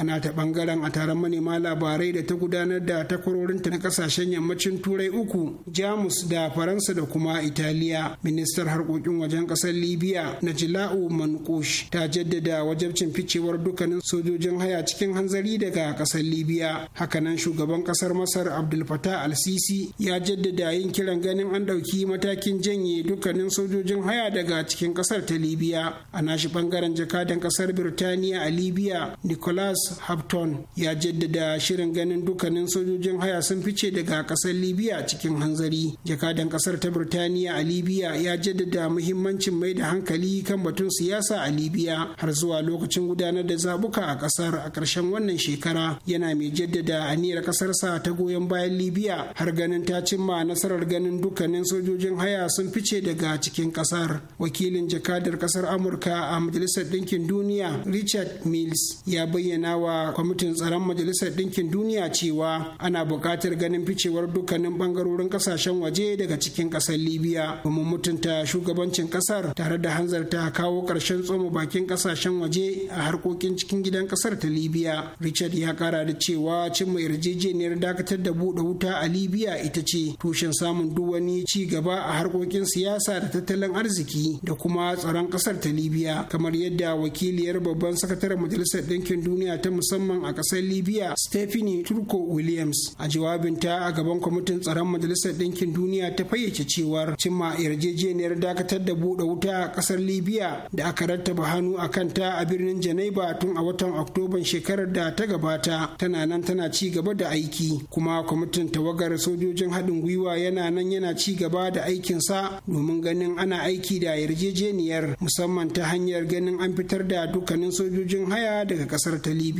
ana ta bangaren a taron manema labarai da ta gudanar da takwarorinta na kasashen yammacin turai uku jamus da faransa da kuma italiya ministar harkokin wajen kasar libya jila'u mankush ta jaddada wajabcin ficewar dukkanin sojojin haya cikin hanzari daga kasar libya hakanan shugaban kasar masar abdul fatah al-sisi ya jaddada yin kiran ganin an ɗauki matakin janye dukkanin sojojin haya daga cikin kasar ta libya a nashi bangaren jakadan kasar birtaniya a libya nicolas Hampton ya jaddada shirin ganin dukkanin sojojin haya sun fice daga kasar Libya cikin hanzari. Jakadan ƙasar ta Birtaniya a Libya ya jaddada muhimmancin mai da hankali kan batun siyasa a Libya har zuwa lokacin gudanar da zabuka a ƙasar a ƙarshen wannan shekara yana mai jaddada aniyar ƙasarsa ta goyon bayan Libya har ganin ta cimma nasarar ganin dukkanin sojojin haya sun fice daga cikin ƙasar. Wakilin jakadar ƙasar Amurka a Majalisar Ɗinkin Duniya Richard Mills ya bayyana wa kwamitin tsaron majalisar ɗinkin duniya cewa ana buƙatar ganin ficewar dukkanin ɓangarorin ƙasashen waje daga cikin ƙasar libya Kuma mutunta shugabancin ƙasar tare da hanzarta kawo ƙarshen tsoma bakin ƙasashen waje a harkokin cikin gidan ƙasar ta libya richard ya ƙara da cewa cimma yarjejeniyar dakatar da buɗe wuta a libya ita ce tushen samun duk wani ci gaba a harkokin siyasa da tattalin arziki da kuma tsaron ƙasar ta libya kamar yadda wakiliyar babban sakataren majalisar ɗinkin duniya ta ta musamman a ƙasar libya stephanie turko williams a jawabinta a gaban kwamitin tsaron majalisar ɗinkin duniya ta fayyace cewar cimma yarjejeniyar dakatar da buɗe wuta a ƙasar libya da aka rattaba hannu a kanta a birnin janaiba tun a watan oktoban shekarar da ta gabata tana nan tana ci gaba da aiki kuma kwamitin tawagar sojojin haɗin gwiwa yana nan yana ci gaba da aikinsa domin ganin ana aiki da yarjejeniyar musamman ta hanyar ganin an fitar da dukkanin sojojin haya daga kasar ta libya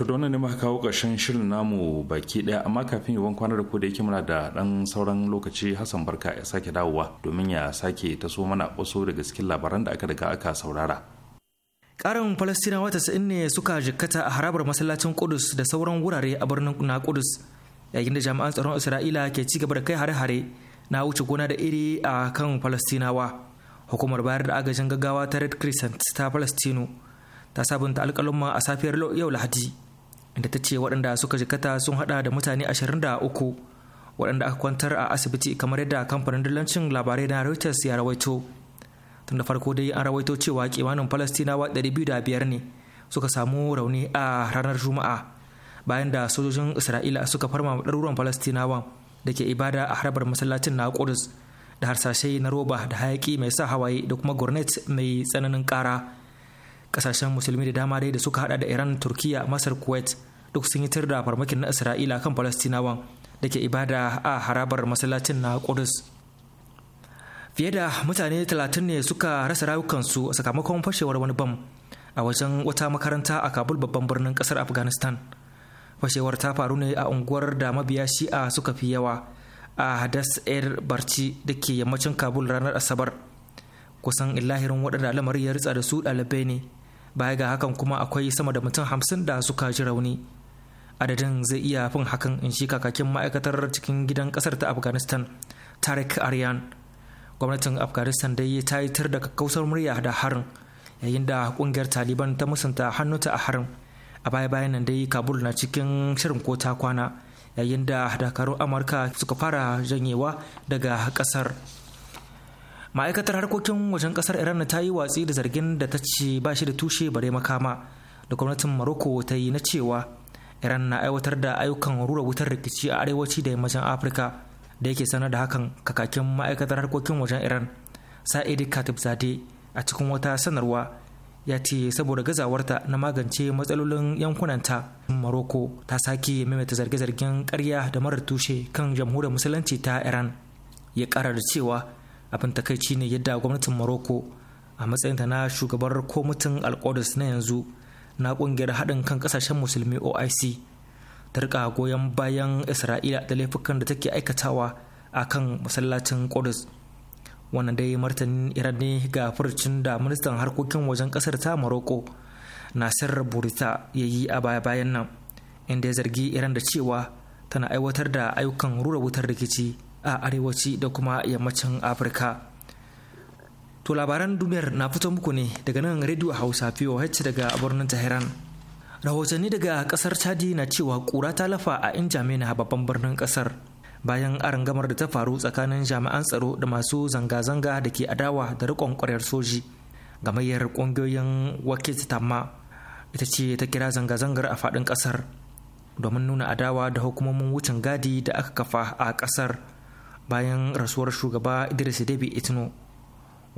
to da wannan ne muka kawo ƙarshen shirin namu baki ɗaya amma kafin yawan kwana da ku da yake muna da ɗan sauran lokaci hassan barka ya sake dawowa domin ya sake taso mana wasu daga cikin labaran da aka daga aka saurara Ƙarin Falastinawa tasa'in ne suka jikkata a harabar masallacin Kudus da sauran wurare a birnin na Kudus, yayin da jami'an tsaron Isra'ila ke ci gaba da kai hare-hare na wuce gona da iri a kan Falastinawa. Hukumar bayar da agajin gaggawa ta Red Crescent ta Falastinu ta sabunta alƙalumma a safiyar yau Lahadi inda ta ce waɗanda suka jikata sun hada da mutane 23 waɗanda aka kwantar a asibiti kamar yadda kamfanin dillancin labarai na Reuters ya rawaito tun da farko dai an rawaito cewa kimanin Falastinawa 205 ne suka samu rauni a ranar Juma'a bayan da sojojin Isra'ila suka farma ɗaruruwan Falastinawa da ke ibada a harabar masallacin na da harsashe na roba da hayaki mai sa hawaye da kuma gurnet mai tsananin ƙara. kasashen musulmi da dama dai da suka hada da iran turkiya masar kuwait duk sun yi tir da farmakin na isra'ila kan falastinawan da ke ibada a harabar masallacin na kudus fiye da mutane talatin ne suka rasa rayukansu sakamakon fashewar wani bam a wajen wata makaranta a kabul babban birnin kasar afghanistan fashewar ta faru ne a unguwar da mabiya shi'a suka fi yawa a hadas air barci da ke yammacin kabul ranar asabar kusan illahirin waɗanda lamari ya ritsa da su ɗalibai ne baya ga hakan kuma akwai sama da mutum hamsin da suka ji rauni adadin zai iya fin hakan in shi kakakin ma'aikatar cikin gidan kasar ta afghanistan tarik aryan gwamnatin afghanistan dai ta yi tar da kakkausar murya da harin yayin da kungiyar taliban ta musanta ta a harin a baya bayan nan dai kabul na cikin shirin ko ta kwana yayin da dakarun amurka suka fara janyewa daga kasar ma'aikatar harkokin wajen kasar iran ta yi watsi da zargin da ta ce ba shi da tushe bare makama da gwamnatin maroko ta yi na cewa iran na aiwatar da ayyukan rura wutar rikici a arewaci da yammacin afirka da yake sanar da hakan kakakin ma'aikatar harkokin wajen iran sa'idi katib zade a cikin wata sanarwa ya ce saboda gazawarta na magance matsalolin yankunanta maroko ta sake maimaita zarge-zargen karya da marar tushe kan jamhuriyar musulunci ta iran ya kara da cewa abin takaici ne yadda gwamnatin morocco a matsayinta na shugabar al alkodis na yanzu na kungiyar haɗin kan ƙasashen musulmi oic ta rika goyon bayan isra'ila da laifukan da take aikatawa a kan masallacin kudus wannan dai martanin iran ne ga furcin da ministan harkokin wajen ƙasar ta maroko nasir burita ya yi a baya bayan nan inda ya zargi iran da cewa tana aiwatar da ayyukan rura wutar rikici a arewaci da kuma yammacin afirka to labaran duniyar na fito muku ne daga nan radio hausa voh daga birnin tehran rahotanni daga kasar chadi na cewa kura ta lafa a na babban birnin kasar bayan arangamar da ta faru tsakanin jami'an tsaro da masu zanga-zanga da ke adawa da rikon kwarar soji gamayyar kungiyoyin wakil tamma ita ce ta kira zanga-zangar a faɗin ƙasar domin nuna adawa da hukumomin wucin gadi da aka kafa a ƙasar bayan rasuwar shugaba idris debi itno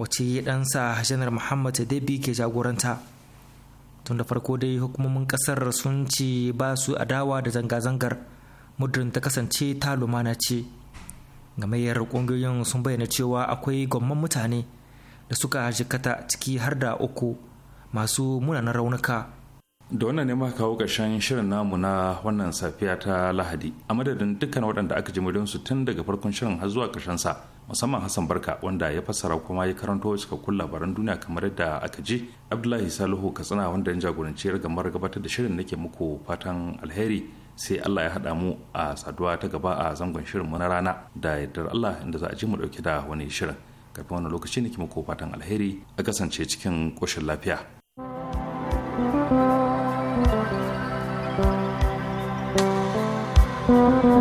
wace ɗansa janar muhammad debi ke jagoranta tun da farko dai hukumomin ƙasar sun ce ba su adawa da zanga-zangar muddin ta kasance ta lumana ce gamayyar ƙungiyoyin sun bayyana cewa akwai gwamman mutane da suka jikata ciki har da uku masu munanan raunuka da wannan ne maka kawo ƙarshen shirin namu na wannan safiya ta lahadi a madadin dukkan waɗanda aka ji su tun daga farkon shirin har zuwa ƙarshen sa musamman hassan barka wanda ya fassara kuma ya karanto cikakkun labaran duniya kamar yadda aka ji abdullahi salihu katsina wanda ya jagoranci gamar gabatar da shirin nake muku fatan alheri sai allah ya haɗa mu a saduwa ta gaba a zangon shirin mu na rana da yardar allah inda za a ji mu ɗauki da wani shirin kafin wani lokaci nake muku fatan alheri a kasance cikin ƙoshin lafiya Thank you.